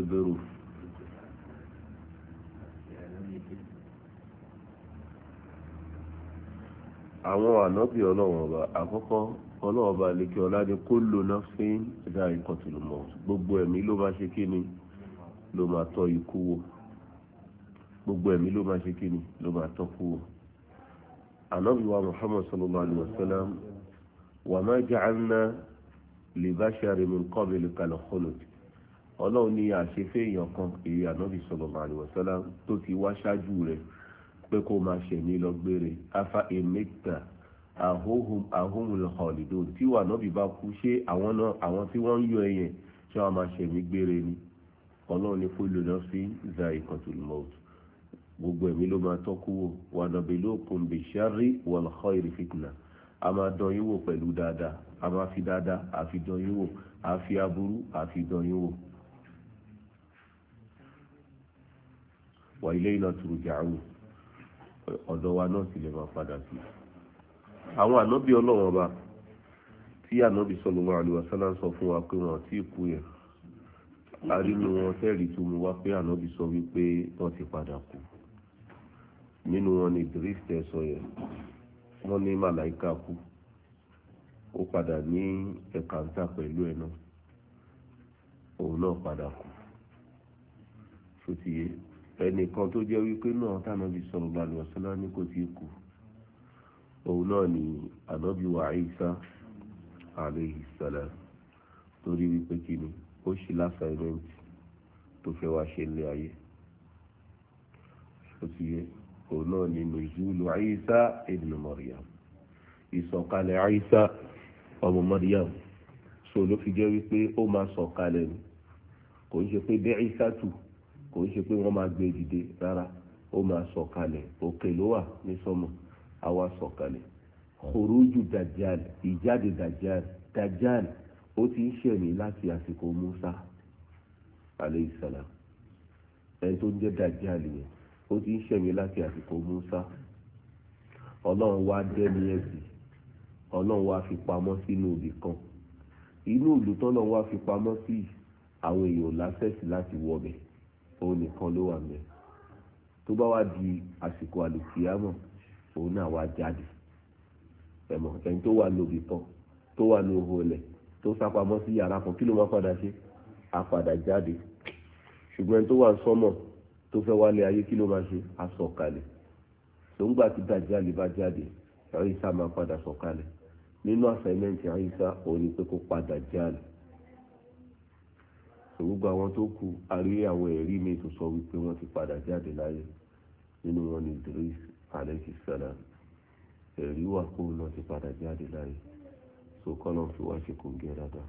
خضر àwọn ànábì ọlọ́run ọba àkọ́kọ́ ọlọ́run ọba lèkè ọlá ni kó lò ná fín dá ikọ̀ tó lò mọ́ gbogbo ẹ̀mí ló máa ṣe kí ni ló máa tọ́ ikú wò gbogbo ẹ̀mí ló máa ṣe kí ló máa tọ́ kú wò. ànábì wa muhammad sallallahu alayhi wa sallam wa ma ja'alna li basharin min qablika al-khulud ọlọ́run ní àṣefẹ́ èèyàn kan èrè ànábì sallallahu alaihi wasallam tó ti wá ṣáájú rẹ̀ pé kó máa ṣẹ̀mí lọ gbére afa emeka ahohun ahohun ọ̀lìdó tí wà náà bí bá kú ṣé àwọn náà àwọn tí wọ́n ń yọ ẹyẹ ṣé wọ́n máa ṣẹ̀mí gbére ni ọlọ́run ní fún lónà sí zaikatul maut gbogbo ẹ̀mí ló máa tọ́kú wò wà nàbẹ̀ ló kún bí sharri wal khairi a máa dán yín wò pẹ̀lú dáadáa a máa fi dáadáa àfi dán yín wò àfi aburú àfi dán yín wò. wà ilé iná turu jàrú ọ̀dọ̀ wa náà sì lè máa padà sí. àwọn ànábì ọlọ́run ọba tí ànábì sallallahu alaihi wasallam sọ fún wa pé wọn ti kú yẹn arínú wọn tẹ́rì tó mu wá pé ànábì sọ wípé wọn ti padà kú nínú wọn ni Idris tẹ sọ yẹn wọn ní màláìka kú ó padà ní ẹ̀ka ń ta pẹ̀lú ẹ̀ náà òun náà padà kú ẹnìkan tó jẹ́ wípé náà tànàbí sallallahu alaihi wasallam ní kò tíì kú òun náà ni ànábì wa Ìsá alayhi salam torí wípé kíni ó ṣì lásàìmẹ́ǹtì tó fẹ́ wá ṣe ilé ayé ó ti yẹ òun náà ni nùzúlù Ìsá ibn Maryam ìsọ̀kalẹ̀ Ìsá ọmọ Maryam so ló fi jẹ́ wípé ó máa sọ̀kalẹ̀ ni kò ń ṣe pé bẹ́ẹ̀ Ìsá tù kò ń ṣe pé wọ́n máa gbé dìde rárá ó máa sọ̀kalẹ̀ òkè ló wà ní sọ́mọ̀ á wá sọ̀kalẹ̀ kòrójù dajjal ìjáde dajjal dajal ó ti ń ṣẹ̀mí láti àsìkò Musa aleyhisselam ẹni tó ń jẹ́ dajjal yẹn ó ti ń ṣẹ̀mí láti àsìkò Musa ọlọ́run wá dẹ́ni ẹ̀sì ọlọ́run wá fi pamọ́ sínú ibì kan inú ìlú tọ́lọ́run wá fi pamọ́ sí àwọn èèyàn lásẹ̀sì láti wọbẹ̀ òun nìkan ló wà mẹ́ tó bá wá di àsìkò àlùkìyàmọ̀ òun náà wá jáde ẹ̀mọ̀ ẹni tó wà lóbi tán tó wà lóhùn ọ̀lẹ̀ tó sápamọ́ sí yàrá kan kí ló má padà ṣe á padà jáde ṣùgbọ́n ẹni tó wà sọ́mọ̀ tó fẹ́ wálé ayé kí ló máa ṣe á sọ̀kalẹ̀ tí dàjálì bá jáde àyíṣà máa padà sọ̀kalẹ̀ nínú àfẹ́mẹ́ǹtì àyíṣà òun ni pé kó padà jáde gbogbo àwọn tó kù àrí àwọn ẹ̀rí mi tó sọ wípé wọ́n ti padà jáde láyé nínú wọn ni Idris alayhi salam ẹ̀rí wà kó náà ti padà jáde láyé so kọ́nà fi wá ṣe kò gẹ́ dáadáa.